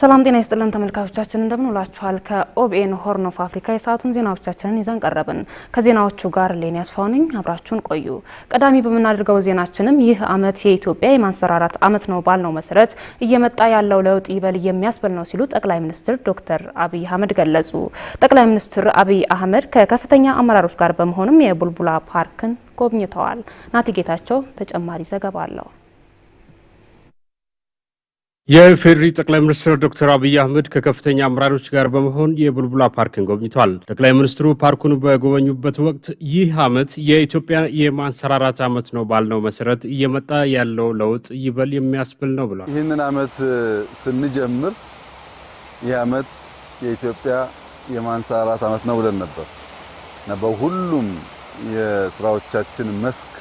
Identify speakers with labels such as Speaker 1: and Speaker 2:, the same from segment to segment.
Speaker 1: ሰላም ጤና ይስጥልን ተመልካቾቻችን፣ እንደምን ውላችኋል? ከኦቢኤን ሆርን ኦፍ አፍሪካ የሰዓቱን ዜናዎቻችንን ይዘን ቀረብን። ከዜናዎቹ ጋር ሌን ያስፋውንኝ አብራችሁን ቆዩ። ቀዳሚ በምናደርገው ዜናችንም ይህ ዓመት የኢትዮጵያ የማንሰራራት ዓመት ነው ባልነው መሰረት እየመጣ ያለው ለውጥ ይበል የሚያስበል ነው ሲሉ ጠቅላይ ሚኒስትር ዶክተር አብይ አህመድ ገለጹ። ጠቅላይ ሚኒስትር አብይ አህመድ ከከፍተኛ አመራሮች ጋር በመሆንም የቡልቡላ ፓርክን ጎብኝተዋል። ናቲ ጌታቸው ተጨማሪ ዘገባ አለው።
Speaker 2: የፌዴሪ ጠቅላይ ሚኒስትር ዶክተር አብይ አህመድ ከከፍተኛ አመራሮች ጋር በመሆን የቡልቡላ ፓርክን ጎብኝቷል። ጠቅላይ ሚኒስትሩ ፓርኩን በጎበኙበት ወቅት ይህ ዓመት የኢትዮጵያ የማንሰራራት ዓመት ነው ባልነው መሰረት እየመጣ ያለው ለውጥ ይበል የሚያስብል ነው ብሏል።
Speaker 3: ይህንን ዓመት ስንጀምር ይህ ዓመት የኢትዮጵያ የማንሰራራት ዓመት ነው ብለን ነበር እና በሁሉም የስራዎቻችን መስክ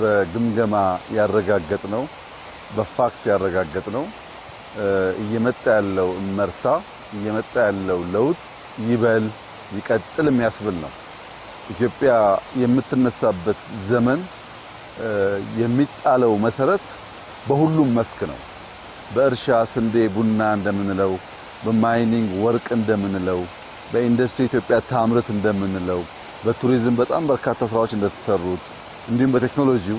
Speaker 3: በግምገማ ያረጋገጥ ነው በፋክት ያረጋገጥ ነው። እየመጣ ያለው እመርታ እየመጣ ያለው ለውጥ ይበል ይቀጥል የሚያስብል ነው። ኢትዮጵያ የምትነሳበት ዘመን የሚጣለው መሰረት በሁሉም መስክ ነው። በእርሻ ስንዴ፣ ቡና እንደምንለው፣ በማይኒንግ ወርቅ እንደምንለው፣ በኢንዱስትሪ ኢትዮጵያ ታምርት እንደምንለው፣ በቱሪዝም በጣም በርካታ ስራዎች እንደተሰሩት እንዲሁም በቴክኖሎጂው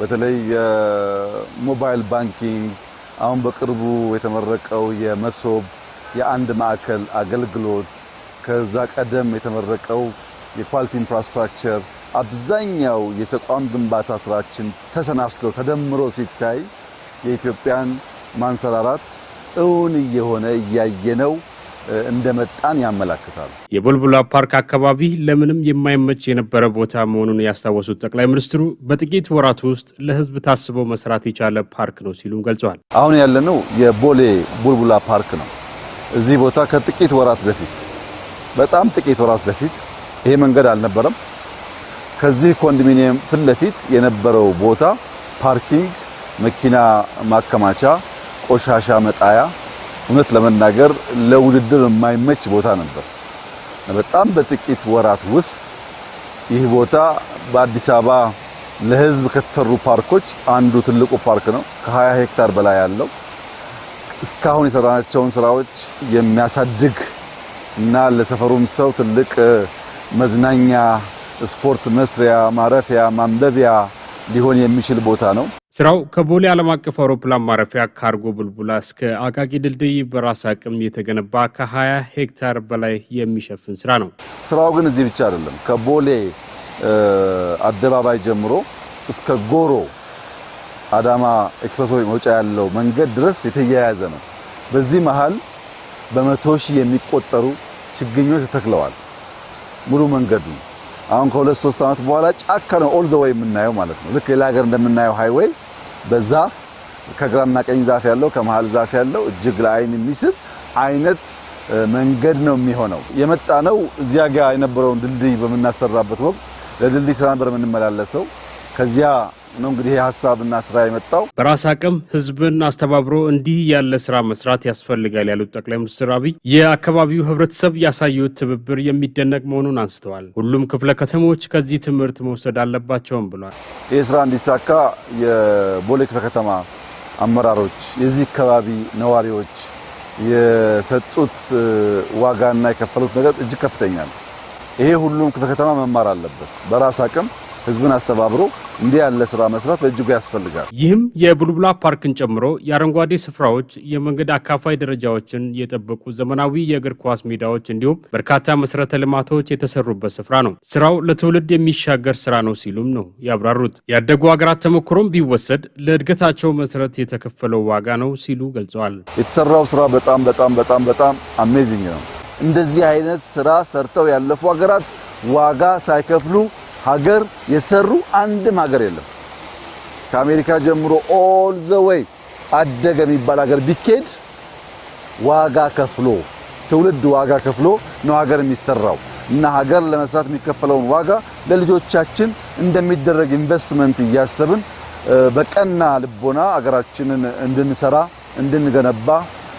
Speaker 3: በተለይ የሞባይል ባንኪንግ አሁን በቅርቡ የተመረቀው የመሶብ የአንድ ማዕከል አገልግሎት ከዛ ቀደም የተመረቀው የኳሊቲ ኢንፍራስትራክቸር አብዛኛው የተቋም ግንባታ ስራችን ተሰናስሎ ተደምሮ ሲታይ የኢትዮጵያን ማንሰራራት እውን እየሆነ እያየነው እንደመጣን ያመላክታሉ።
Speaker 2: የቦልቦላ ፓርክ አካባቢ ለምንም የማይመች የነበረ ቦታ መሆኑን ያስታወሱት ጠቅላይ ሚኒስትሩ በጥቂት ወራት ውስጥ ለሕዝብ ታስበው መስራት የቻለ ፓርክ ነው ሲሉም ገልጸዋል።
Speaker 3: አሁን ያለነው የቦሌ ቡልቡላ ፓርክ ነው። እዚህ ቦታ ከጥቂት ወራት በፊት በጣም ጥቂት ወራት በፊት ይሄ መንገድ አልነበረም። ከዚህ ኮንዶሚኒየም ፊት ለፊት የነበረው ቦታ ፓርኪንግ፣ መኪና ማከማቻ፣ ቆሻሻ መጣያ እውነት ለመናገር ለውድድር የማይመች ቦታ ነበር። በጣም በጥቂት ወራት ውስጥ ይህ ቦታ በአዲስ አበባ ለህዝብ ከተሰሩ ፓርኮች አንዱ ትልቁ ፓርክ ነው። ከ20 ሄክታር በላይ ያለው እስካሁን የሰራናቸውን ስራዎች የሚያሳድግ እና ለሰፈሩም ሰው ትልቅ መዝናኛ፣ ስፖርት መስሪያ፣ ማረፊያ፣ ማንበቢያ ሊሆን የሚችል ቦታ ነው።
Speaker 2: ስራው ከቦሌ ዓለም አቀፍ አውሮፕላን ማረፊያ ካርጎ ቡልቡላ እስከ አቃቂ ድልድይ በራስ አቅም የተገነባ ከ20 ሄክታር በላይ የሚሸፍን ስራ ነው።
Speaker 3: ስራው ግን እዚህ ብቻ አይደለም። ከቦሌ አደባባይ ጀምሮ እስከ ጎሮ አዳማ ኤክስፕሬስ መውጫ ያለው መንገድ ድረስ የተያያዘ ነው። በዚህ መሃል በመቶ ሺህ የሚቆጠሩ ችግኞች ተተክለዋል ሙሉ መንገዱ አሁን ከሁለት ሶስት አመት በኋላ ጫካ ነው ኦል ዘ ዌይ የምናየው ማለት ነው። ልክ ሌላ ሀገር እንደምናየው ሃይዌይ በዛፍ ከግራና ቀኝ ዛፍ ያለው ከመሀል ዛፍ ያለው እጅግ ለአይን የሚስብ አይነት መንገድ ነው የሚሆነው። የመጣ ነው እዚያ ጋር የነበረውን ድልድይ በምናሰራበት ወቅት ለድልድይ ስራ ነበር የምንመላለሰው ከዚያ ነው እንግዲህ ሀሳብና ስራ የመጣው።
Speaker 2: በራስ አቅም ህዝብን አስተባብሮ እንዲህ ያለ ስራ መስራት ያስፈልጋል ያሉት ጠቅላይ ሚኒስትር አብይ የአካባቢው ህብረተሰብ ያሳዩት ትብብር የሚደነቅ መሆኑን አንስተዋል። ሁሉም ክፍለ ከተሞች ከዚህ ትምህርት መውሰድ አለባቸውም ብሏል።
Speaker 3: ይህ ስራ እንዲሳካ የቦሌ ክፍለ ከተማ አመራሮች፣ የዚህ አካባቢ ነዋሪዎች የሰጡት ዋጋና የከፈሉት ነገር እጅግ ከፍተኛ ነው። ይሄ ሁሉም ክፍለ ከተማ መማር አለበት በራስ አቅም ህዝብን አስተባብሮ እንዲህ ያለ ስራ መስራት በእጅጉ ያስፈልጋል።
Speaker 2: ይህም የቡልቡላ ፓርክን ጨምሮ የአረንጓዴ ስፍራዎች፣ የመንገድ አካፋይ ደረጃዎችን የጠበቁ ዘመናዊ የእግር ኳስ ሜዳዎች እንዲሁም በርካታ መሰረተ ልማቶች የተሰሩበት ስፍራ ነው። ስራው ለትውልድ የሚሻገር ስራ ነው ሲሉም ነው ያብራሩት። ያደጉ ሀገራት ተሞክሮም ቢወሰድ ለእድገታቸው መሰረት የተከፈለው ዋጋ ነው ሲሉ ገልጸዋል።
Speaker 3: የተሰራው ስራ በጣም በጣም በጣም በጣም አሜዚንግ ነው። እንደዚህ አይነት ስራ ሰርተው ያለፉ ሀገራት ዋጋ ሳይከፍሉ ሀገር የሰሩ አንድም ሀገር የለም። ከአሜሪካ ጀምሮ ኦል ዘ ዌይ አደገ የሚባል ሀገር ቢኬድ ዋጋ ከፍሎ ትውልድ ዋጋ ከፍሎ ነው ሀገር የሚሰራው እና ሀገር ለመስራት የሚከፈለውን ዋጋ ለልጆቻችን እንደሚደረግ ኢንቨስትመንት እያሰብን በቀና ልቦና ሀገራችንን እንድንሰራ እንድንገነባ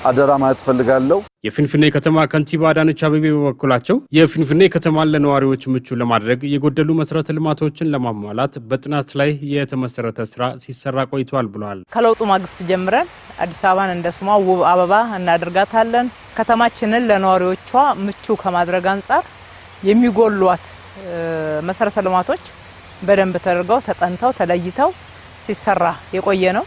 Speaker 3: አደራ ማለት እፈልጋለሁ።
Speaker 2: የፍንፍኔ ከተማ ከንቲባ አዳነች አቤቤ በበኩላቸው የፍንፍኔ ከተማን ለነዋሪዎች ምቹ ለማድረግ የጎደሉ መሰረተ ልማቶችን ለማሟላት በጥናት ላይ የተመሰረተ ስራ ሲሰራ ቆይቷል ብለዋል።
Speaker 1: ከለውጡ ማግስት ጀምረን አዲስ አበባን እንደ ስሟ ውብ አበባ እናደርጋታለን። ከተማችንን ለነዋሪዎቿ ምቹ ከማድረግ አንጻር የሚጎሏት መሰረተ ልማቶች በደንብ ተደርገው ተጠንተው ተለይተው ሲሰራ የቆየ ነው።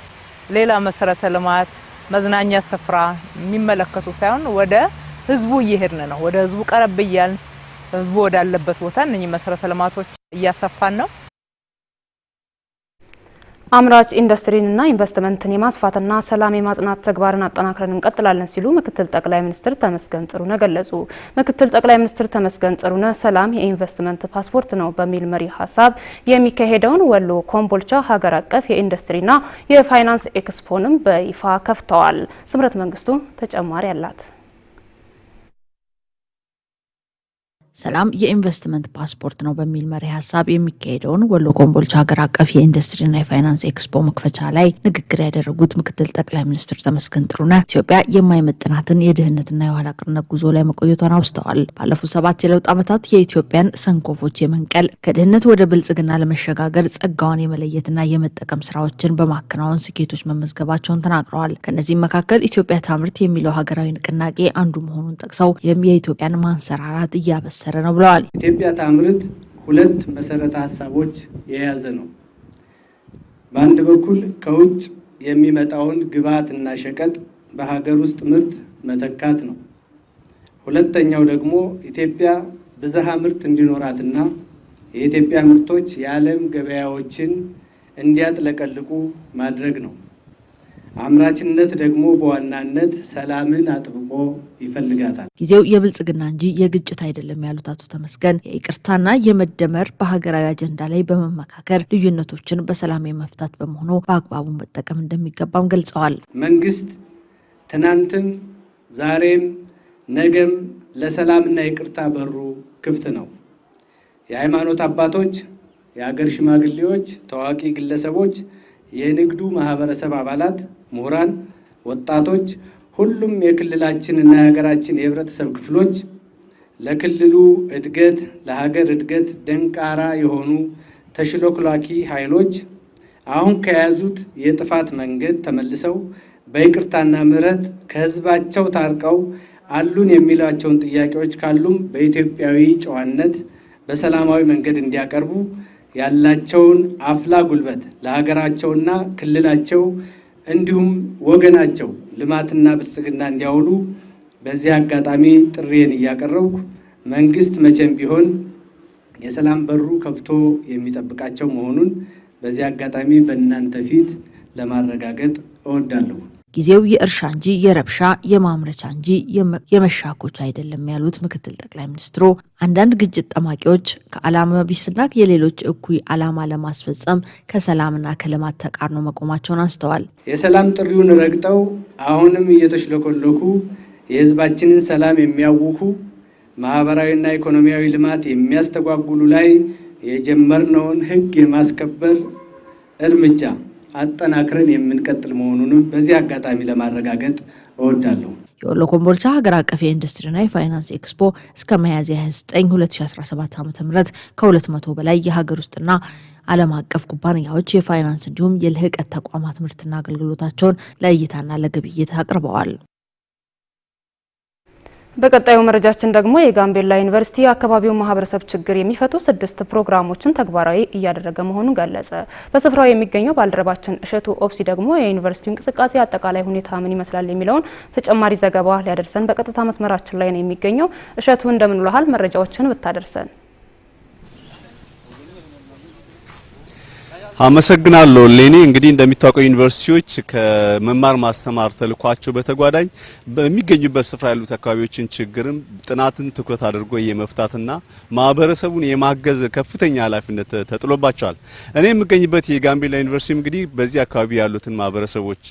Speaker 1: ሌላ መሰረተ ልማት መዝናኛ ስፍራ የሚመለከቱ ሳይሆን ወደ ህዝቡ እየሄድን ነው። ወደ ህዝቡ ቀረብ እያልን ህዝቡ ወዳለበት ቦታ እነኚህ መሰረተ ልማቶች እያሰፋን ነው። አምራች ኢንዱስትሪንና ኢንቨስትመንትን የማስፋትና ሰላም የማጽናት ተግባርን አጠናክረን እንቀጥላለን ሲሉ ምክትል ጠቅላይ ሚኒስትር ተመስገን ጥሩነህ ገለጹ። ምክትል ጠቅላይ ሚኒስትር ተመስገን ጥሩነህ ሰላም የኢንቨስትመንት ፓስፖርት ነው በሚል መሪ ሀሳብ የሚካሄደውን ወሎ ኮምቦልቻ ሀገር አቀፍ የኢንዱስትሪና የፋይናንስ ኤክስፖንም በይፋ ከፍተዋል። ስምረት መንግስቱ ተጨማሪ አላት። ሰላም የኢንቨስትመንት ፓስፖርት ነው በሚል መሪ ሀሳብ የሚካሄደውን ወሎ ኮምቦልቻ ሀገር አቀፍ የኢንዱስትሪና የፋይናንስ ኤክስፖ መክፈቻ ላይ ንግግር ያደረጉት ምክትል ጠቅላይ ሚኒስትር ተመስገን ጥሩነህ ኢትዮጵያ የማይመጥናትን የድህነትና የኋላ ቅርነት ጉዞ ላይ መቆየቷን አውስተዋል። ባለፉት ሰባት የለውጥ ዓመታት የኢትዮጵያን ሰንኮፎች የመንቀል ከድህነት ወደ ብልጽግና ለመሸጋገር ጸጋዋን የመለየትና የመጠቀም ስራዎችን በማከናወን ስኬቶች መመዝገባቸውን ተናግረዋል። ከእነዚህም መካከል ኢትዮጵያ ታምርት የሚለው ሀገራዊ ንቅናቄ አንዱ መሆኑን ጠቅሰው ይህም የኢትዮጵያን ማንሰራራት እያበሰ የተሳሰረ ነው ብለዋል።
Speaker 4: ኢትዮጵያ ታምርት ሁለት መሰረተ ሀሳቦች የያዘ ነው። በአንድ በኩል ከውጭ የሚመጣውን ግብዓትና ሸቀጥ በሀገር ውስጥ ምርት መተካት ነው። ሁለተኛው ደግሞ ኢትዮጵያ ብዝሃ ምርት እንዲኖራትና የኢትዮጵያ ምርቶች የዓለም ገበያዎችን እንዲያጥለቀልቁ ማድረግ ነው። አምራችነት ደግሞ በዋናነት ሰላምን አጥብቆ ይፈልጋታል።
Speaker 1: ጊዜው የብልጽግና እንጂ የግጭት አይደለም ያሉት አቶ ተመስገን የይቅርታና የመደመር በሀገራዊ አጀንዳ ላይ በመመካከር ልዩነቶችን በሰላም የመፍታት በመሆኑ በአግባቡ መጠቀም እንደሚገባም ገልጸዋል።
Speaker 4: መንግስት ትናንትም ዛሬም ነገም ለሰላምና ይቅርታ በሩ ክፍት ነው። የሃይማኖት አባቶች፣ የአገር ሽማግሌዎች፣ ታዋቂ ግለሰቦች፣ የንግዱ ማህበረሰብ አባላት ምሁራን፣ ወጣቶች፣ ሁሉም የክልላችንና የሀገራችን የህብረተሰብ ክፍሎች ለክልሉ እድገት፣ ለሀገር እድገት ደንቃራ የሆኑ ተሽሎክላኪ ኃይሎች አሁን ከያዙት የጥፋት መንገድ ተመልሰው በይቅርታና ምሕረት ከህዝባቸው ታርቀው አሉን የሚሏቸውን ጥያቄዎች ካሉም በኢትዮጵያዊ ጨዋነት በሰላማዊ መንገድ እንዲያቀርቡ ያላቸውን አፍላ ጉልበት ለሀገራቸውና ክልላቸው እንዲሁም ወገናቸው ልማትና ብልጽግና እንዲያውሉ በዚህ አጋጣሚ ጥሬን እያቀረብኩ መንግስት መቼም ቢሆን የሰላም በሩ ከፍቶ የሚጠብቃቸው መሆኑን በዚህ አጋጣሚ በእናንተ ፊት ለማረጋገጥ እወዳለሁ።
Speaker 1: ጊዜው የእርሻ እንጂ የረብሻ የማምረቻ እንጂ የመሻኮች አይደለም ያሉት ምክትል ጠቅላይ ሚኒስትሩ አንዳንድ ግጭት ጠማቂዎች ከዓላማ ቢስና የሌሎች እኩይ ዓላማ ለማስፈጸም ከሰላምና ከልማት ተቃርኖ መቆማቸውን አስተዋል።
Speaker 4: የሰላም ጥሪውን ረግጠው አሁንም እየተሽለኮለኩ የሕዝባችንን ሰላም የሚያውኩ ማህበራዊና ኢኮኖሚያዊ ልማት የሚያስተጓጉሉ ላይ የጀመርነውን ሕግ የማስከበር እርምጃ አጠናክረን የምንቀጥል መሆኑንም በዚህ አጋጣሚ ለማረጋገጥ እወዳለሁ።
Speaker 1: የወሎ ኮምቦልቻ ሀገር አቀፍ የኢንዱስትሪና የፋይናንስ ኤክስፖ እስከ መያዝያ 29 2017 ዓ ም ከ200 በላይ የሀገር ውስጥና ዓለም አቀፍ ኩባንያዎች የፋይናንስ እንዲሁም የልህቀት ተቋማት ምርትና አገልግሎታቸውን ለእይታና ለግብይት አቅርበዋል። በቀጣዩ መረጃችን ደግሞ የጋምቤላ ዩኒቨርሲቲ የአካባቢውን ማህበረሰብ ችግር የሚፈቱ ስድስት ፕሮግራሞችን ተግባራዊ እያደረገ መሆኑን ገለጸ። በስፍራው የሚገኘው ባልደረባችን እሸቱ ኦፕሲ ደግሞ የዩኒቨርሲቲው እንቅስቃሴ አጠቃላይ ሁኔታ ምን ይመስላል የሚለውን ተጨማሪ ዘገባ ሊያደርሰን በቀጥታ መስመራችን ላይ ነው የሚገኘው። እሸቱ እንደምንውልሃል መረጃዎችን ብታደርሰን
Speaker 5: አመሰግናለሁ ሌኒ እንግዲህ እንደሚታወቀው ዩኒቨርሲቲዎች ከመማር ማስተማር ተልኳቸው በተጓዳኝ በሚገኙበት ስፍራ ያሉት አካባቢዎችን ችግርም ጥናትን ትኩረት አድርጎ የመፍታትና ማህበረሰቡን የማገዝ ከፍተኛ ኃላፊነት ተጥሎባቸዋል። እኔ የምገኝበት የጋምቤላ ዩኒቨርሲቲም እንግዲህ በዚህ አካባቢ ያሉትን ማህበረሰቦች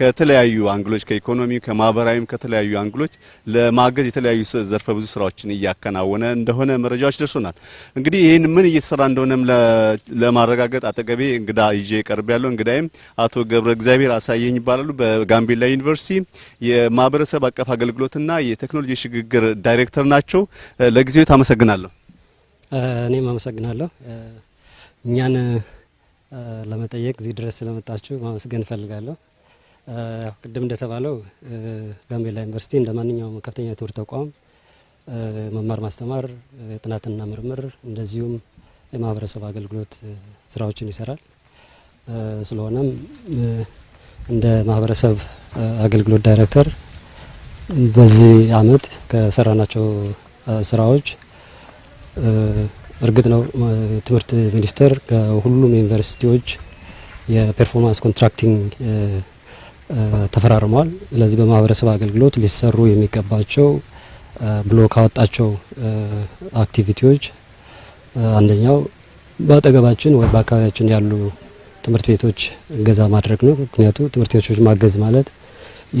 Speaker 5: ከተለያዩ አንግሎች ከኢኮኖሚ፣ ከማህበራዊም ከተለያዩ አንግሎች ለማገዝ የተለያዩ ዘርፈ ብዙ ስራዎችን እያከናወነ እንደሆነ መረጃዎች ደርሶናል። እንግዲህ ይህን ምን እየተሰራ እንደሆነም ለማረጋገጥ አጠገቤ አካባቢ እንግዳ ይዤ ቀርብ ያለው እንግዳይም አቶ ገብረ እግዚአብሔር አሳየኝ ይባላሉ። በጋምቤላ ዩኒቨርሲቲ የማህበረሰብ አቀፍ አገልግሎትና የቴክኖሎጂ ሽግግር ዳይሬክተር ናቸው። ለጊዜው ታመሰግናለሁ።
Speaker 6: እኔም አመሰግናለሁ። እኛን ለመጠየቅ እዚህ ድረስ ስለመጣችሁ ማመስገን እፈልጋለሁ። ቅድም እንደተባለው ጋምቤላ ዩኒቨርሲቲ እንደ ማንኛውም ከፍተኛ ትምህርት ተቋም መማር ማስተማር፣ ጥናትና ምርምር እንደዚሁም የማህበረሰብ አገልግሎት ስራዎችን ይሰራል። ስለሆነም እንደ ማህበረሰብ አገልግሎት ዳይሬክተር በዚህ አመት ከሰራናቸው ስራዎች እርግጥ ነው ትምህርት ሚኒስቴር ከሁሉም ዩኒቨርሲቲዎች የፐርፎርማንስ ኮንትራክቲንግ ተፈራርመዋል። ስለዚህ በማህበረሰብ አገልግሎት ሊሰሩ የሚገባቸው ብሎ ካወጣቸው አክቲቪቲዎች አንደኛው በአጠገባችን ወይ በአካባቢያችን ያሉ ትምህርት ቤቶች እገዛ ማድረግ ነው። ምክንያቱ ትምህርት ቤቶች ማገዝ ማለት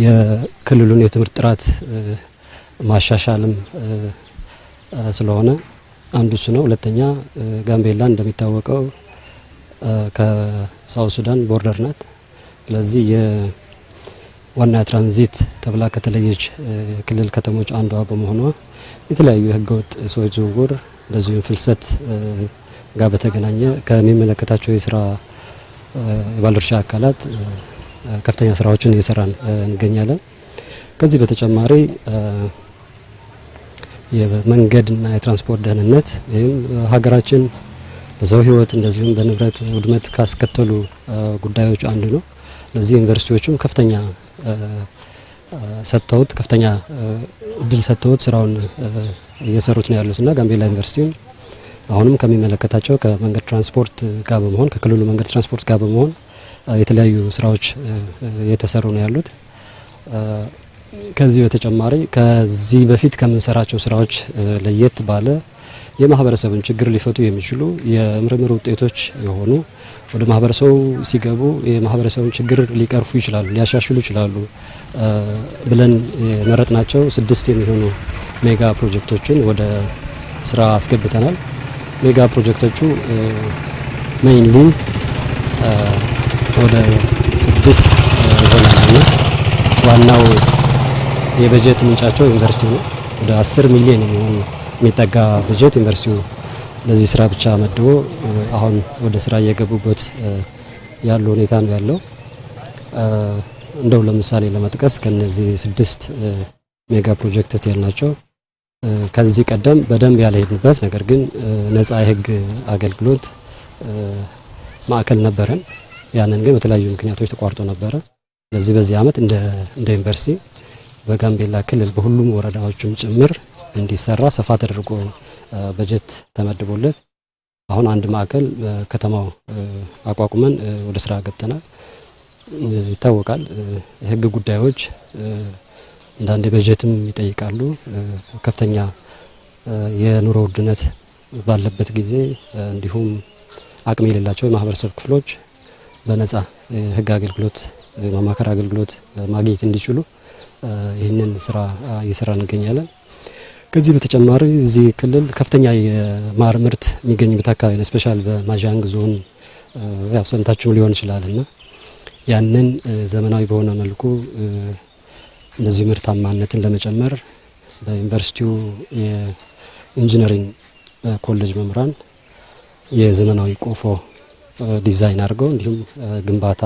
Speaker 6: የክልሉን የትምህርት ጥራት ማሻሻልም ስለሆነ አንዱ እሱ ነው። ሁለተኛ ጋምቤላ እንደሚታወቀው ከሳውት ሱዳን ቦርደር ናት። ስለዚህ ዋና ትራንዚት ተብላ ከተለየች ክልል ከተሞች አንዷ በመሆኗ የተለያዩ ህገወጥ ሰዎች ዝውውር እንደዚሁም ፍልሰት ጋር በተገናኘ ከሚመለከታቸው የስራ ባለድርሻ አካላት ከፍተኛ ስራዎችን እየሰራን እንገኛለን። ከዚህ በተጨማሪ የመንገድና የትራንስፖርት ደህንነት ይህም ሀገራችን በሰው ህይወት እንደዚሁም በንብረት ውድመት ካስከተሉ ጉዳዮች አንዱ ነው። እነዚህ ዩኒቨርሲቲዎችም ከፍተኛ ሰጥተውት ከፍተኛ እድል ሰጥተውት ስራውን እየሰሩት ነው ያሉት እና ጋምቤላ ዩኒቨርሲቲም አሁንም ከሚመለከታቸው ከመንገድ ትራንስፖርት ጋር በመሆን ከክልሉ መንገድ ትራንስፖርት ጋር በመሆን የተለያዩ ስራዎች እየተሰሩ ነው ያሉት። ከዚህ በተጨማሪ ከዚህ በፊት ከምንሰራቸው ስራዎች ለየት ባለ የማህበረሰብን ችግር ሊፈቱ የሚችሉ የምርምር ውጤቶች የሆኑ ወደ ማህበረሰቡ ሲገቡ የማህበረሰቡን ችግር ሊቀርፉ ይችላሉ፣ ሊያሻሽሉ ይችላሉ ብለን የመረጥናቸው ስድስት የሚሆኑ ሜጋ ፕሮጀክቶችን ወደ ስራ አስገብተናል። ሜጋ ፕሮጀክቶቹ ሜይንሊ ወደ ስድስት ይሆናሉ። ዋናው የበጀት ምንጫቸው ዩኒቨርሲቲ ነው። ወደ አስር ሚሊዮን ነው። የሚጠጋ በጀት ዩኒቨርሲቲው ለዚህ ስራ ብቻ መድቦ አሁን ወደ ስራ እየገቡበት ያለው ሁኔታ ነው ያለው። እንደው ለምሳሌ ለመጥቀስ ከነዚህ ስድስት ሜጋ ፕሮጀክቶች ያልናቸው ከዚህ ቀደም በደንብ ያልሄድንበት ነገር ግን ነፃ የህግ አገልግሎት ማዕከል ነበረን። ያንን ግን በተለያዩ ምክንያቶች ተቋርጦ ነበረ። ስለዚህ በዚህ አመት እንደ ዩኒቨርሲቲ በጋምቤላ ክልል በሁሉም ወረዳዎችም ጭምር እንዲሰራ ሰፋ ተደርጎ በጀት ተመድቦለት አሁን አንድ ማዕከል ከተማው አቋቁመን ወደ ስራ ገብተናል። ይታወቃል የህግ ጉዳዮች አንዳንዴ በጀትም ይጠይቃሉ። ከፍተኛ የኑሮ ውድነት ባለበት ጊዜ እንዲሁም አቅም የሌላቸው የማህበረሰብ ክፍሎች በነጻ ህግ አገልግሎት ማማከር አገልግሎት ማግኘት እንዲችሉ ይህንን ስራ እየሰራ እንገኛለን። ከዚህ በተጨማሪ እዚህ ክልል ከፍተኛ የማር ምርት የሚገኝበት አካባቢ ነው። ስፔሻል በማዣንግ ዞን ያው ሰምታችሁም ሊሆን ይችላል እና ያንን ዘመናዊ በሆነ መልኩ እነዚህ ምርታማነትን ለመጨመር በዩኒቨርሲቲው የኢንጂነሪንግ ኮሌጅ መምህራን የዘመናዊ ቆፎ ዲዛይን አድርገው እንዲሁም ግንባታ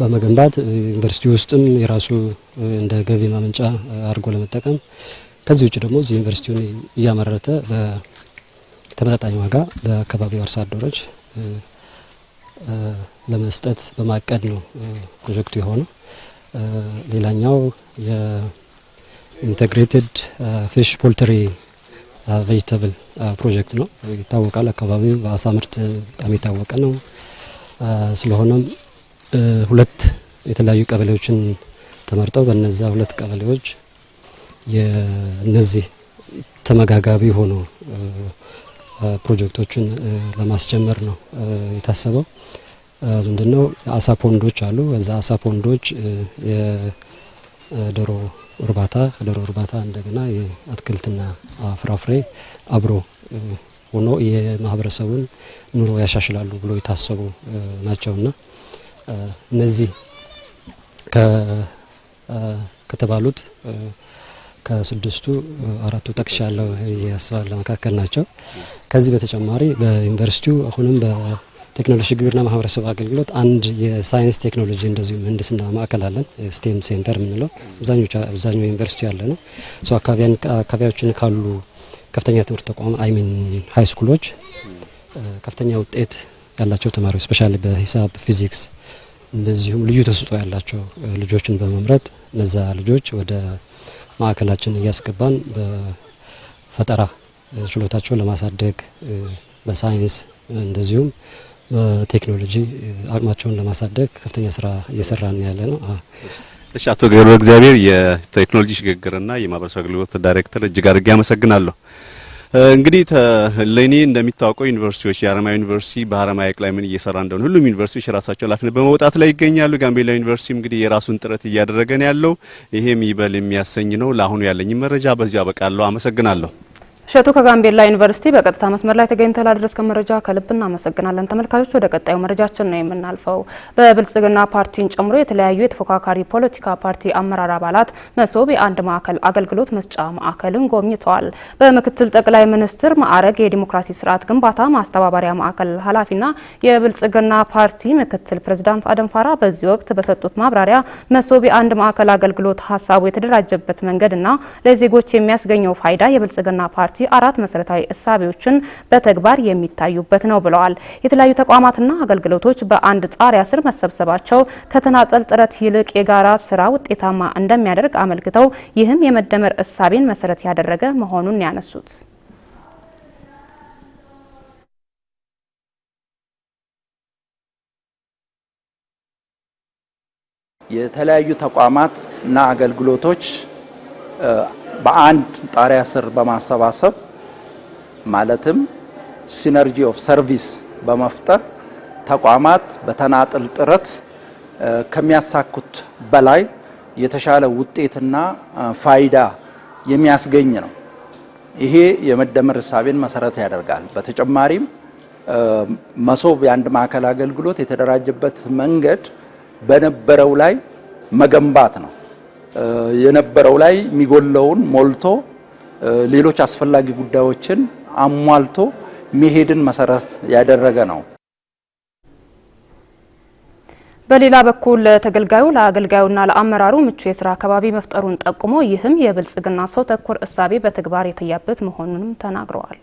Speaker 6: በመገንባት ዩኒቨርሲቲ ውስጥም የራሱ እንደ ገቢ ማመንጫ አድርጎ ለመጠቀም ከዚህ ውጭ ደግሞ እዚህ ዩኒቨርሲቲውን እያመረተ በተመጣጣኝ ዋጋ ለአካባቢው አርሶ አደሮች ለመስጠት በማቀድ ነው ፕሮጀክቱ የሆነው። ሌላኛው የኢንቴግሬትድ ፊሽ ፖልትሪ ቬጅተብል ፕሮጀክት ነው። ይታወቃል፣ አካባቢው በአሳ ምርት በጣም የታወቀ ነው። ስለሆነም ሁለት የተለያዩ ቀበሌዎችን ተመርጠው በነዛ ሁለት ቀበሌዎች የነዚህ ተመጋጋቢ ሆኖ ፕሮጀክቶችን ለማስጀመር ነው የታሰበው። ምንድነው አሳ ፖንዶች አሉ። በዛ አሳ ፖንዶች የዶሮ እርባታ ዶሮ እርባታ እንደገና የአትክልትና ፍራፍሬ አብሮ ሆኖ የማህበረሰቡን ኑሮ ያሻሽላሉ ብሎ የታሰቡ ናቸውና እነዚህ ከተባሉት ከስድስቱ አራቱ ጠቅሻ ያለው ያስባለ መካከል ናቸው። ከዚህ በተጨማሪ በዩኒቨርሲቲው አሁንም በቴክኖሎጂ ሽግግርና ማህበረሰብ አገልግሎት አንድ የሳይንስ ቴክኖሎጂ እንደዚሁም ምህንድስና ማዕከል አለን። ስቴም ሴንተር የምንለው አብዛኛው ዩኒቨርሲቲ ያለ ነው። ሰው አካባቢያችን ካሉ ከፍተኛ ትምህርት ተቋም አይሚን ሀይ ስኩሎች ከፍተኛ ውጤት ያላቸው ተማሪዎች ስፔሻሊ በሂሳብ ፊዚክስ፣ እንደዚሁም ልዩ ተስጦ ያላቸው ልጆችን በመምረጥ እነዛ ልጆች ወደ ማዕከላችን እያስገባን በፈጠራ ችሎታቸው ለማሳደግ በሳይንስ እንደዚሁም በቴክኖሎጂ አቅማቸውን ለማሳደግ ከፍተኛ ስራ እየሰራን ያለ ነው።
Speaker 5: እሺ፣ አቶ ገብረ እግዚአብሔር የቴክኖሎጂ ሽግግርና የማህበረሰብ አገልግሎት ዳይሬክተር፣ እጅግ አድርጌ አመሰግናለሁ። እንግዲህ ለእኔ እንደሚታወቀው ዩኒቨርሲቲዎች የአረማ ዩኒቨርሲቲ በሀረማያ ላይ ምን እየሰራ እንደሆነ ሁሉም ዩኒቨርሲቲዎች የራሳቸው ኃላፊነት በመውጣት ላይ ይገኛሉ። ጋምቤላ ዩኒቨርሲቲ እንግዲህ የራሱን ጥረት እያደረገ ነው ያለው። ይሄም ይበል የሚያሰኝ ነው። ለአሁኑ ያለኝ መረጃ በዚያ አበቃለሁ። አመሰግናለሁ።
Speaker 1: እሸቱ ከጋምቤላ ዩኒቨርሲቲ በቀጥታ መስመር ላይ ተገኝተህ ላደረስከን መረጃ ከልብ እናመሰግናለን። ተመልካቾች ወደ ቀጣዩ መረጃችን ነው የምናልፈው። በብልጽግና ፓርቲን ጨምሮ የተለያዩ የተፎካካሪ ፖለቲካ ፓርቲ አመራር አባላት መሶብ የአንድ ማዕከል አገልግሎት መስጫ ማዕከልን ጎብኝተዋል። በምክትል ጠቅላይ ሚኒስትር ማዕረግ የዲሞክራሲ ስርዓት ግንባታ ማስተባበሪያ ማዕከል ኃላፊና የብልጽግና ፓርቲ ምክትል ፕሬዚዳንት አደም ፋራ በዚህ ወቅት በሰጡት ማብራሪያ መሶብ የአንድ ማዕከል አገልግሎት ሀሳቡ የተደራጀበት መንገድና ለዜጎች የሚያስገኘው ፋይዳ የብልጽግና ፓርቲ ፓርቲ አራት መሰረታዊ እሳቤዎችን በተግባር የሚታዩበት ነው ብለዋል። የተለያዩ ተቋማትና አገልግሎቶች በአንድ ጣሪያ ስር መሰብሰባቸው ከተናጠል ጥረት ይልቅ የጋራ ስራ ውጤታማ እንደሚያደርግ አመልክተው ይህም የመደመር እሳቤን መሰረት ያደረገ መሆኑን ያነሱት
Speaker 4: የተለያዩ ተቋማት እና አገልግሎቶች በአንድ ጣሪያ ስር በማሰባሰብ ማለትም ሲነርጂ ኦፍ ሰርቪስ በመፍጠር ተቋማት በተናጥል ጥረት ከሚያሳኩት በላይ የተሻለ ውጤትና ፋይዳ የሚያስገኝ ነው። ይሄ የመደመር እሳቤን መሰረት ያደርጋል። በተጨማሪም መሶብ የአንድ ማዕከል አገልግሎት የተደራጀበት መንገድ በነበረው ላይ መገንባት ነው። የነበረው ላይ የሚጎለውን ሞልቶ ሌሎች አስፈላጊ ጉዳዮችን አሟልቶ መሄድን መሰረት ያደረገ ነው።
Speaker 1: በሌላ በኩል ተገልጋዩ ለአገልጋዩና ለአመራሩ ምቹ የስራ አካባቢ መፍጠሩን ጠቁሞ ይህም የብልጽግና ሰው ተኮር እሳቤ በተግባር የታየበት መሆኑንም ተናግረዋል።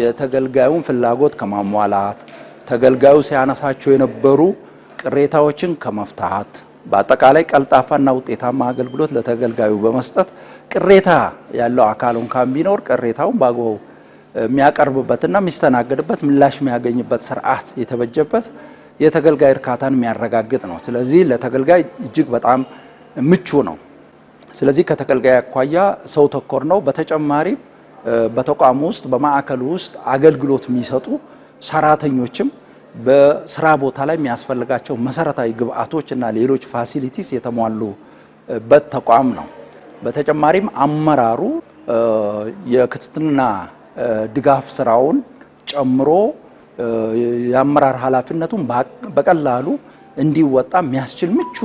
Speaker 4: የተገልጋዩን ፍላጎት ከማሟላት ተገልጋዩ ሲያነሳቸው የነበሩ ቅሬታዎችን ከመፍታት በአጠቃላይ ቀልጣፋና ውጤታማ አገልግሎት ለተገልጋዩ በመስጠት ቅሬታ ያለው አካል እንኳን ቢኖር ቅሬታውን በአግባቡ የሚያቀርብበትና የሚስተናገድበት ምላሽ የሚያገኝበት ስርዓት የተበጀበት የተገልጋይ እርካታን የሚያረጋግጥ ነው። ስለዚህ ለተገልጋይ እጅግ በጣም ምቹ ነው። ስለዚህ ከተገልጋይ አኳያ ሰው ተኮር ነው። በተጨማሪም በተቋሙ ውስጥ በማዕከሉ ውስጥ አገልግሎት የሚሰጡ ሰራተኞችም በስራ ቦታ ላይ የሚያስፈልጋቸው መሰረታዊ ግብአቶች እና ሌሎች ፋሲሊቲስ የተሟሉበት ተቋም ነው። በተጨማሪም አመራሩ የክትትልና ድጋፍ ስራውን ጨምሮ የአመራር ኃላፊነቱን በቀላሉ እንዲወጣ የሚያስችል ምቹ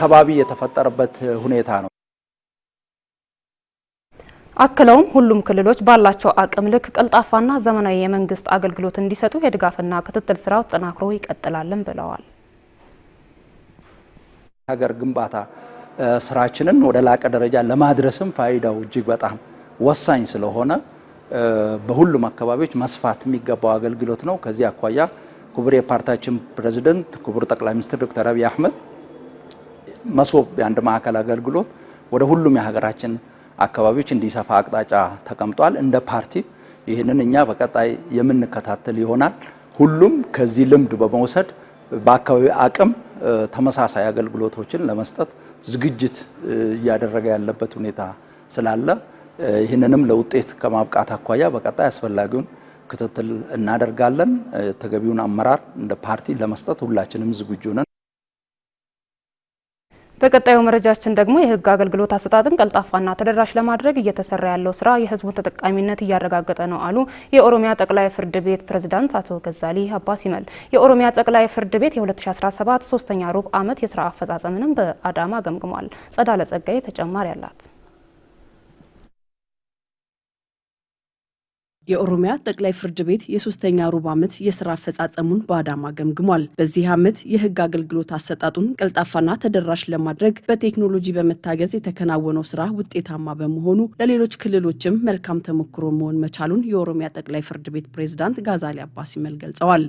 Speaker 4: ከባቢ የተፈጠረበት ሁኔታ ነው።
Speaker 1: አክለውም ሁሉም ክልሎች ባላቸው አቅም ልክ ቀልጣፋና ዘመናዊ የመንግስት አገልግሎት እንዲሰጡ የድጋፍና ክትትል ስራው ተጠናክሮ ይቀጥላልን ብለዋል።
Speaker 4: ሀገር ግንባታ ስራችንን ወደ ላቀ ደረጃ ለማድረስም ፋይዳው እጅግ በጣም ወሳኝ ስለሆነ በሁሉም አካባቢዎች መስፋት የሚገባው አገልግሎት ነው። ከዚህ አኳያ ክቡር የፓርቲያችን ፕሬዚደንት ክቡር ጠቅላይ ሚኒስትር ዶክተር አብይ አህመድ መሶብ የአንድ ማዕከል አገልግሎት ወደ ሁሉም የሀገራችን አካባቢዎች እንዲሰፋ አቅጣጫ ተቀምጧል። እንደ ፓርቲ ይህንን እኛ በቀጣይ የምንከታተል ይሆናል። ሁሉም ከዚህ ልምድ በመውሰድ በአካባቢ አቅም ተመሳሳይ አገልግሎቶችን ለመስጠት ዝግጅት እያደረገ ያለበት ሁኔታ ስላለ ይህንንም ለውጤት ከማብቃት አኳያ በቀጣይ አስፈላጊውን ክትትል እናደርጋለን። ተገቢውን አመራር እንደ ፓርቲ ለመስጠት ሁላችንም ዝግጁ ነን።
Speaker 1: በቀጣዩ መረጃችን ደግሞ የህግ አገልግሎት አሰጣጥን ቀልጣፋና ተደራሽ ለማድረግ እየተሰራ ያለው ስራ የህዝቡን ተጠቃሚነት እያረጋገጠ ነው አሉ የኦሮሚያ ጠቅላይ ፍርድ ቤት ፕሬዝዳንት አቶ ገዛሊ አባ ሲመል። የኦሮሚያ ጠቅላይ ፍርድ ቤት የ2017 ሶስተኛ ሩብ ዓመት የስራ አፈጻጸምንም በአዳማ ገምግሟል። ጸዳለ ጸጋይ ተጨማሪ አላት። የኦሮሚያ ጠቅላይ ፍርድ ቤት የሶስተኛ ሩብ ዓመት የስራ አፈጻጸሙን በአዳማ ገምግሟል። በዚህ ዓመት የህግ አገልግሎት አሰጣጡን ቀልጣፋና ተደራሽ ለማድረግ በቴክኖሎጂ በመታገዝ የተከናወነው ስራ ውጤታማ በመሆኑ ለሌሎች ክልሎችም መልካም ተሞክሮ መሆን መቻሉን የኦሮሚያ ጠቅላይ ፍርድ ቤት ፕሬዝዳንት ጋዛሊ አባሲመል ገልጸዋል።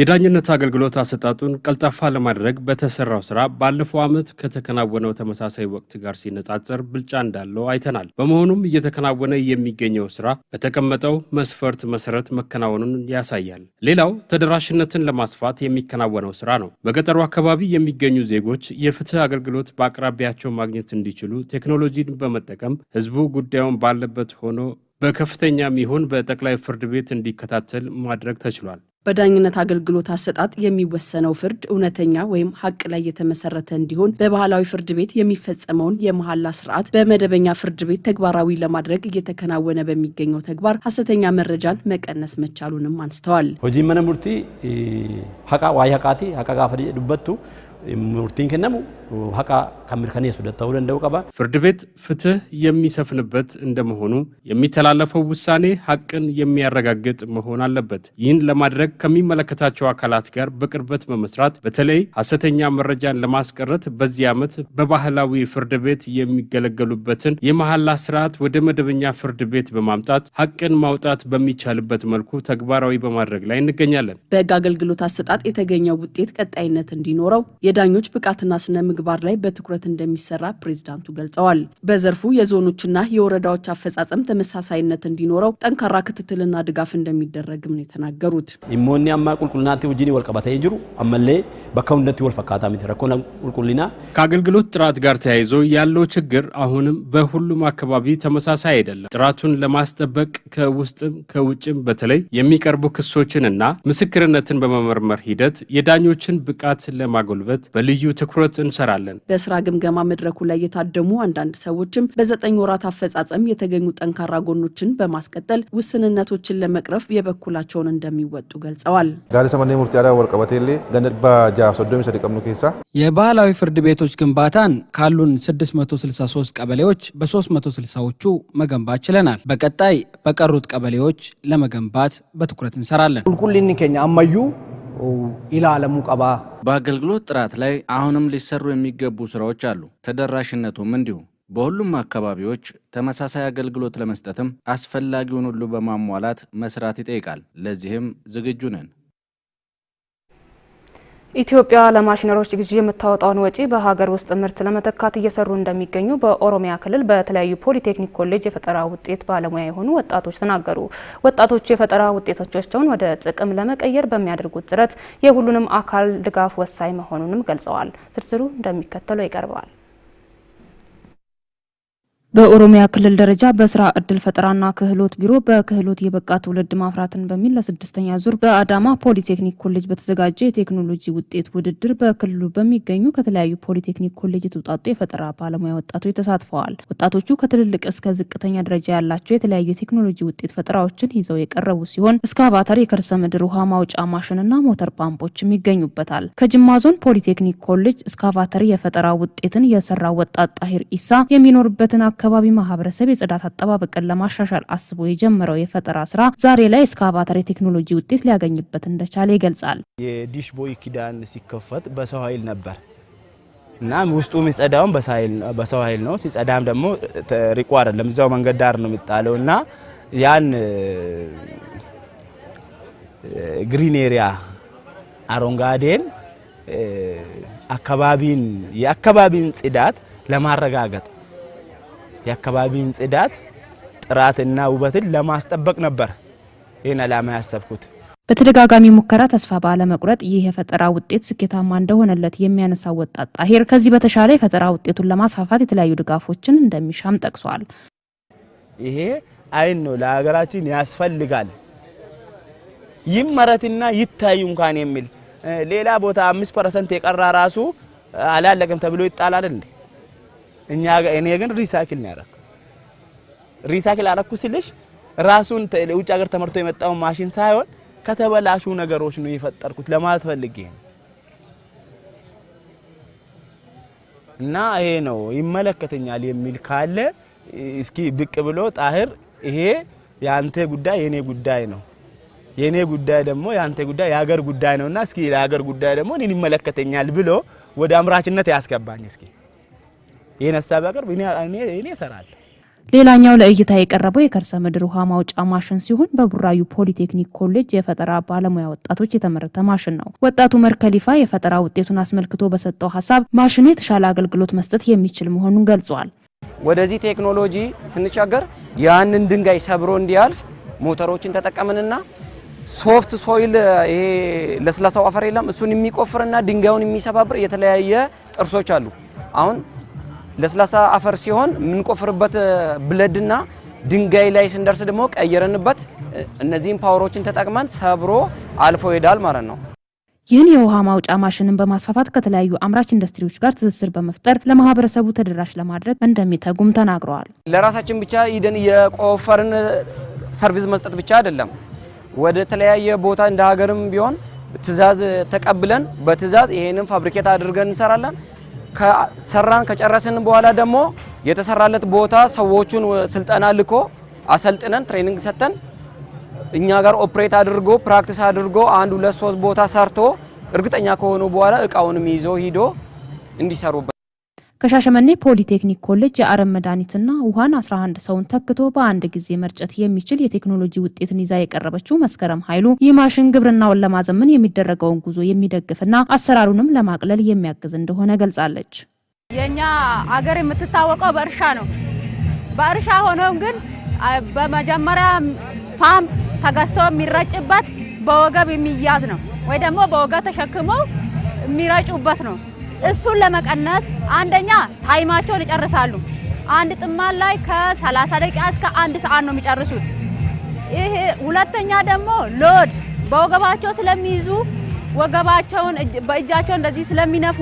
Speaker 2: የዳኝነት አገልግሎት አሰጣጡን ቀልጣፋ ለማድረግ በተሰራው ስራ ባለፈው ዓመት ከተከናወነው ተመሳሳይ ወቅት ጋር ሲነጻጸር ብልጫ እንዳለው አይተናል። በመሆኑም እየተከና እየተከናወነ የሚገኘው ስራ በተቀመጠው መስፈርት መሰረት መከናወኑን ያሳያል። ሌላው ተደራሽነትን ለማስፋት የሚከናወነው ስራ ነው። በገጠሩ አካባቢ የሚገኙ ዜጎች የፍትህ አገልግሎት በአቅራቢያቸው ማግኘት እንዲችሉ ቴክኖሎጂን በመጠቀም ህዝቡ ጉዳዩን ባለበት ሆኖ በከፍተኛም ይሁን በጠቅላይ ፍርድ ቤት እንዲከታተል ማድረግ ተችሏል።
Speaker 1: በዳኝነት አገልግሎት አሰጣጥ የሚወሰነው ፍርድ እውነተኛ ወይም ሀቅ ላይ የተመሰረተ እንዲሆን በባህላዊ ፍርድ ቤት የሚፈጸመውን የመሐላ ስርዓት በመደበኛ ፍርድ ቤት ተግባራዊ ለማድረግ እየተከናወነ በሚገኘው ተግባር ሀሰተኛ መረጃን መቀነስ መቻሉንም አንስተዋል።
Speaker 2: ሆጂ መነ ሙርቲ ሀቃ ዋይ ሀቃቲ ሀቃ ጋፈ ዱበቱ ሙርቲን ከነሙ ሀቃ ከሚርከኔሱ ደታው ደንደው ቀባ ፍርድ ቤት ፍትህ የሚሰፍንበት እንደመሆኑ የሚተላለፈው ውሳኔ ሀቅን የሚያረጋግጥ መሆን አለበት። ይህን ለማድረግ ከሚመለከታቸው አካላት ጋር በቅርበት በመስራት በተለይ ሀሰተኛ መረጃን ለማስቀረት በዚህ ዓመት በባህላዊ ፍርድ ቤት የሚገለገሉበትን የመሐላ ስርዓት ወደ መደበኛ ፍርድ ቤት በማምጣት ሀቅን ማውጣት በሚቻልበት መልኩ ተግባራዊ በማድረግ ላይ እንገኛለን።
Speaker 1: በህግ አገልግሎት አሰጣጥ የተገኘው ውጤት ቀጣይነት እንዲኖረው የዳኞች ብቃትና ስነ ምግባር ላይ በትኩረት እንደሚሰራ ፕሬዚዳንቱ ገልጸዋል። በዘርፉ የዞኖችና የወረዳዎች አፈጻጸም ተመሳሳይነት እንዲኖረው ጠንካራ ክትትልና ድጋፍ እንደሚደረግም ነው የተናገሩት።
Speaker 2: ሞኒ አማ ቁልቁልናቴ ውጅኒ ወልቀባታ ጅሩ አመሌ በካውነት ወልፈካታ ሚተረኮና ቁልቁልና ከአገልግሎት ጥራት ጋር ተያይዞ ያለው ችግር አሁንም በሁሉም አካባቢ ተመሳሳይ አይደለም። ጥራቱን ለማስጠበቅ ከውስጥም ከውጭም በተለይ የሚቀርቡ ክሶችንና ምስክርነትን በመመርመር ሂደት የዳኞችን ብቃት ለማጎልበት ለማሳለጥ በልዩ ትኩረት እንሰራለን።
Speaker 1: በስራ ግምገማ መድረኩ ላይ የታደሙ አንዳንድ ሰዎችም በዘጠኝ ወራት አፈጻጸም የተገኙ ጠንካራ ጎኖችን በማስቀጠል ውስንነቶችን ለመቅረፍ የበኩላቸውን እንደሚወጡ ገልጸዋል።
Speaker 2: የባህላዊ ፍርድ ቤቶች ግንባታን ካሉን 663 ቀበሌዎች በ360ዎቹ መገንባት ችለናል። በቀጣይ በቀሩት ቀበሌዎች ለመገንባት በትኩረት እንሰራለን። ቁልቁል ኬኛ አማዩ ኢላለሙ ቀባ በአገልግሎት ጥራት ላይ አሁንም ሊሰሩ የሚገቡ ስራዎች አሉ። ተደራሽነቱም እንዲሁ በሁሉም አካባቢዎች ተመሳሳይ አገልግሎት ለመስጠትም አስፈላጊውን ሁሉ በማሟላት መስራት ይጠይቃል። ለዚህም ዝግጁ ነን።
Speaker 1: ኢትዮጵያ ለማሽነሪዎች ግዢ የምታወጣውን ወጪ በሀገር ውስጥ ምርት ለመተካት እየሰሩ እንደሚገኙ በኦሮሚያ ክልል በተለያዩ ፖሊቴክኒክ ኮሌጅ የፈጠራ ውጤት ባለሙያ የሆኑ ወጣቶች ተናገሩ። ወጣቶቹ የፈጠራ ውጤቶቻቸውን ወደ ጥቅም ለመቀየር በሚያደርጉት ጥረት የሁሉንም አካል ድጋፍ ወሳኝ መሆኑንም ገልጸዋል። ዝርዝሩ እንደሚከተለው ይቀርባል። በኦሮሚያ ክልል ደረጃ በስራ እድል ፈጠራና ክህሎት ቢሮ በክህሎት የበቃ ትውልድ ማፍራትን በሚል ለስድስተኛ ዙር በአዳማ ፖሊቴክኒክ ኮሌጅ በተዘጋጀ የቴክኖሎጂ ውጤት ውድድር በክልሉ በሚገኙ ከተለያዩ ፖሊቴክኒክ ኮሌጅ የተውጣጡ የፈጠራ ባለሙያ ወጣቶች ተሳትፈዋል። ወጣቶቹ ከትልልቅ እስከ ዝቅተኛ ደረጃ ያላቸው የተለያዩ የቴክኖሎጂ ውጤት ፈጠራዎችን ይዘው የቀረቡ ሲሆን እስከ የከርሰ ምድር ውሃ ማውጫ ማሽንና ሞተር ፓምፖችም ይገኙበታል። ከጅማ ዞን ፖሊቴክኒክ ኮሌጅ እስከ የፈጠራ ውጤትን የሰራ ወጣት ጣሂር ኢሳ የሚኖርበትን የአካባቢ ማህበረሰብ የጽዳት አጠባበቅን ለማሻሻል አስቦ የጀመረው የፈጠራ ስራ ዛሬ ላይ ኤክስካቫተር የቴክኖሎጂ ውጤት ሊያገኝበት እንደቻለ ይገልጻል።
Speaker 4: የዲሽ ቦይ ኪዳን ሲከፈት በሰው ኃይል ነበር እና ውስጡ የሚጸዳውም በሰው ኃይል ነው። ሲጸዳም ደግሞ ሪቆ አይደለም እዛው መንገድ ዳር ነው የሚጣለው እና ያን ግሪን ኤሪያ አረንጓዴን አካባቢን የአካባቢን ጽዳት ለማረጋገጥ የአካባቢን ጽዳት ጥራትና ውበትን ለማስጠበቅ ነበር ይህን ዓላማ ያሰብኩት።
Speaker 1: በተደጋጋሚ ሙከራ ተስፋ ባለመቁረጥ ይህ የፈጠራ ውጤት ስኬታማ እንደሆነለት የሚያነሳው ወጣት ጣሄር ከዚህ በተሻለ የፈጠራ ውጤቱን ለማስፋፋት የተለያዩ ድጋፎችን እንደሚሻም ጠቅሷል።
Speaker 4: ይሄ አይን ነው ለሀገራችን ያስፈልጋል። ይመረትና ይታዩ እንኳን የሚል ሌላ ቦታ አምስት ፐርሰንት የቀራ ራሱ አላለቅም ተብሎ ይጣላል እንዴ? እኛ እኔ ግን ሪሳይክል ነው ያደረኩት። ሪሳይክል አረኩ ሲልሽ ራሱን ውጭ ሀገር ተመርቶ የመጣውን ማሽን ሳይሆን ከተበላሹ ነገሮች ነው የፈጠርኩት ለማለት ፈልጌ ነው። እና ይሄ ነው ይመለከተኛል የሚል ካለ እስኪ ብቅ ብሎ ጣህር፣ ይሄ የአንተ ጉዳይ የኔ ጉዳይ ነው፣ የኔ ጉዳይ ደግሞ የአንተ ጉዳይ የሀገር ጉዳይ ነውና እስኪ የሀገር ጉዳይ ደግሞ እኔን ይመለከተኛል ብሎ ወደ አምራችነት ያስገባኝ እስኪ ይህን ሀሳብ ያቀርብ እኔ እሰራለሁ።
Speaker 1: ሌላኛው ለእይታ የቀረበው የከርሰ ምድር ውሃ ማውጫ ማሽን ሲሆን በቡራዩ ፖሊቴክኒክ ኮሌጅ የፈጠራ ባለሙያ ወጣቶች የተመረተ ማሽን ነው። ወጣቱ መርከሊፋ የፈጠራ ውጤቱን አስመልክቶ በሰጠው ሀሳብ ማሽኑ የተሻለ አገልግሎት መስጠት የሚችል መሆኑን ገልጿል።
Speaker 4: ወደዚህ ቴክኖሎጂ ስንሻገር ያንን ድንጋይ ሰብሮ እንዲያልፍ ሞተሮችን ተጠቀምንና ሶፍት ሶይል ይሄ ለስላሳው አፈር የለም እሱን የሚቆፍርና ድንጋዩን የሚሰባብር የተለያየ ጥርሶች አሉ አሁን ለስላሳ አፈር ሲሆን የምንቆፍርበት ብለድና ድንጋይ ላይ ስንደርስ ደግሞ ቀየረንበት። እነዚህን ፓወሮችን ተጠቅመን ሰብሮ አልፎ ይሄዳል ማለት ነው።
Speaker 1: ይህን የውሃ ማውጫ ማሽንን በማስፋፋት ከተለያዩ አምራች ኢንዱስትሪዎች ጋር ትስስር በመፍጠር ለማህበረሰቡ ተደራሽ ለማድረግ እንደሚተጉም ተናግረዋል።
Speaker 4: ለራሳችን ብቻ ሂደን የቆፈርን ሰርቪስ መስጠት ብቻ አይደለም። ወደ ተለያየ ቦታ እንደ ሀገርም ቢሆን ትዛዝ ተቀብለን በትዕዛዝ ይሄንን ፋብሪኬት አድርገን እንሰራለን። ከሰራን ከጨረስን በኋላ ደግሞ የተሰራለት ቦታ ሰዎቹን ስልጠና ልኮ አሰልጥነን ትሬኒንግ ሰጥተን እኛ ጋር ኦፕሬት አድርጎ ፕራክቲስ አድርጎ አንድ ሁለት ሶስት ቦታ ሰርቶ እርግጠኛ ከሆኑ በኋላ እቃውንም ይዞ ሂዶ እንዲሰሩበት
Speaker 1: ከሻሸመኔ ፖሊቴክኒክ ኮሌጅ የአረም መድኃኒትና ውሃን 11 ሰውን ተክቶ በአንድ ጊዜ መርጨት የሚችል የቴክኖሎጂ ውጤትን ይዛ የቀረበችው መስከረም ኃይሉ ይህ ማሽን ግብርናውን ለማዘመን የሚደረገውን ጉዞ የሚደግፍና አሰራሩንም ለማቅለል የሚያግዝ እንደሆነ ገልጻለች።
Speaker 7: የእኛ አገር የምትታወቀው በእርሻ ነው። በእርሻ ሆኖም ግን በመጀመሪያ ፓምፕ ተገዝቶ የሚረጭበት በወገብ የሚያዝ ነው ወይ ደግሞ በወገብ ተሸክሞ የሚረጩበት ነው። እሱን ለመቀነስ አንደኛ ታይማቸውን ይጨርሳሉ። አንድ ጥማን ላይ ከ30 ደቂቃ እስከ አንድ ሰዓት ነው የሚጨርሱት። ይሄ ሁለተኛ ደግሞ ሎድ በወገባቸው ስለሚይዙ ወገባቸውን በእጃቸው እንደዚህ ስለሚነፉ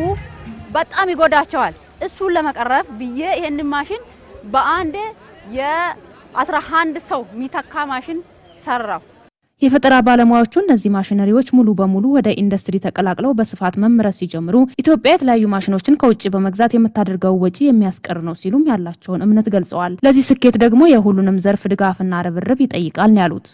Speaker 7: በጣም ይጎዳቸዋል። እሱን ለመቀረፍ ብዬ ይሄን ማሽን በአንድ የ11 ሰው የሚተካ ማሽን ሰራው።
Speaker 1: የፈጠራ ባለሙያዎቹ እነዚህ ማሽነሪዎች ሙሉ በሙሉ ወደ ኢንዱስትሪ ተቀላቅለው በስፋት መምረት ሲጀምሩ ኢትዮጵያ የተለያዩ ማሽኖችን ከውጭ በመግዛት የምታደርገው ወጪ የሚያስቀር ነው ሲሉም ያላቸውን እምነት ገልጸዋል። ለዚህ ስኬት ደግሞ የሁሉንም ዘርፍ ድጋፍና ርብርብ ይጠይቃል ያሉት።